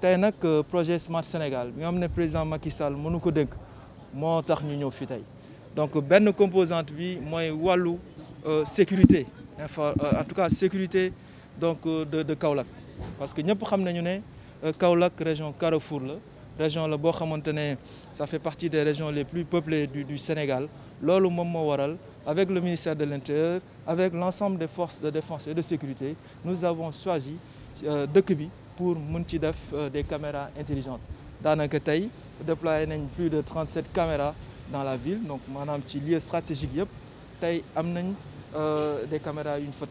tey un euh, projet Smart Sénégal bi nga président Macky Sall mënu ko dënk ñu ñëw donc ben composante bi moy walu euh, sécurité euh, en tout cas sécurité donc de de Kaolack parce que nous xam nañu né Kaolack région Carrefour la région la bo xamante ça fait partie des régions les plus peuplées du du Sénégal lolu mom mo waral avec le ministère de l'Intérieur avec l'ensemble des forces de défense et de sécurité nous avons choisi deux bi pour mën euh, des caméras intelligentes daanaka tey déployé plus de 37 caméras dans la ville donc un ci lieu stratégique yëpp tey euh, des caméras une ñu fa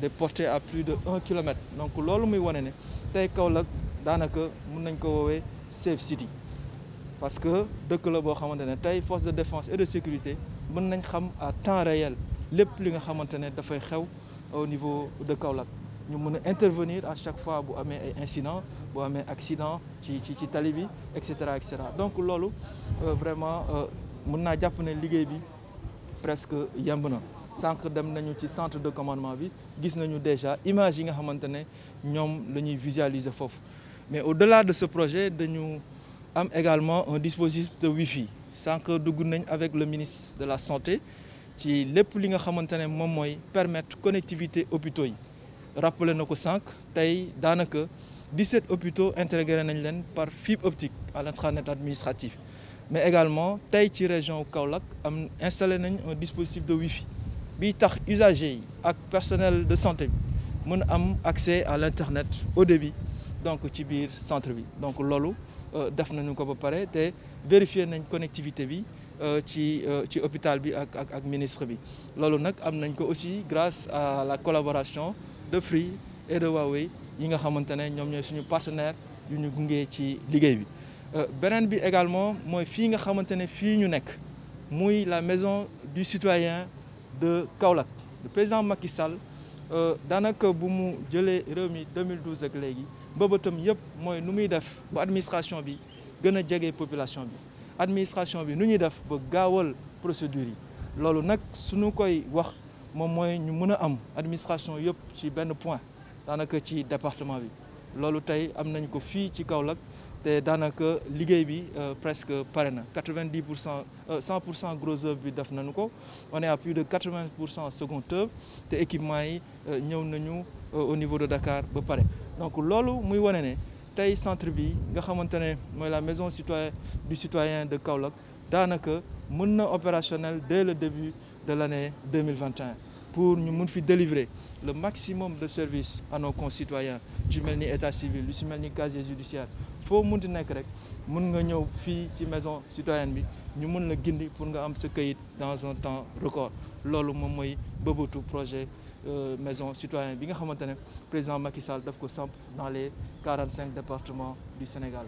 des portées à plus de 1 km. donc lolu muy wane ne tey Kaolack danaka mën nañ ko wowe safe city parce que de la bo xamantene tay force de défense et de sécurité mën nañ xam à temps réel lepp li nga xamantene da xew au niveau de Kaolack nous pouvons intervenir à chaque fois bu amee ay incident bu un accident ci ci tali bi etc. etc donc euh, vraiment euh, nous avons jàpp ne le bi presque yambo na que dem nañu ci centre de commandement bi gis nañu déjà image yi nga nous le nous visualiser mais au-delà de ce projet nous avons également un dispositif de Wi-Fi que nous nañ avec le ministre de la santé ci les li nga xamante ne moom permettre connectivité hôpitaux rappelé nous que 17 hôpitaux intégrés par fibre optique à l'intranet administratif mais également tey ci région Kaolack am installé un dispositif de wifi fi usagers et les personnel de santé ont accès à l'internet au débit donc le centre ville. donc lolo, euh, def nous ko vérifier connectivité bi l'hôpital euh, euh, ci hôpital ministre bi avons aussi grâce à la collaboration de Free et de Huawei yi nga xamantene ñom ñoy suñu partenaire yu ñu gungee ci liguey bi euh benen bi également moy fi nga xamantene fi ñu nek muy la maison du citoyen de Kaolack le président Macky Sall euh danaka bu mu jëlé réew 2012 ak légui mbëbëtam yépp moy nu muy def bu administration bi gëna a population bi administration bi nu ñuy def ba gawal procédure yi lolu nak suñu koy wax nous mooy ñu mën am administration yëpp ci point dans département bi avons tey am nañ ko fii ci Kaolack euh, presque pare 90 100 euh, gros œuvre on est à plus de 80 de second œuvre Et équipement yi euh, au niveau de Dakar donc loolu muy wane ne centre bi nga la maison du citoyen de Kaolack dans mën opérationnel dès le début de l'année 2021 pour nous nous délivrer le maximum de services à nos concitoyens du même état civil du même casier judiciaire faut que nous nekk rek mun ñëw ci maison citoyenne bi ñu mun gindi pour nga am ce kayit dans un temps record loolu moom mooy le projet euh, maison citoyenne bi nga le président Macky Sall daf ko dans les 45 départements du Sénégal.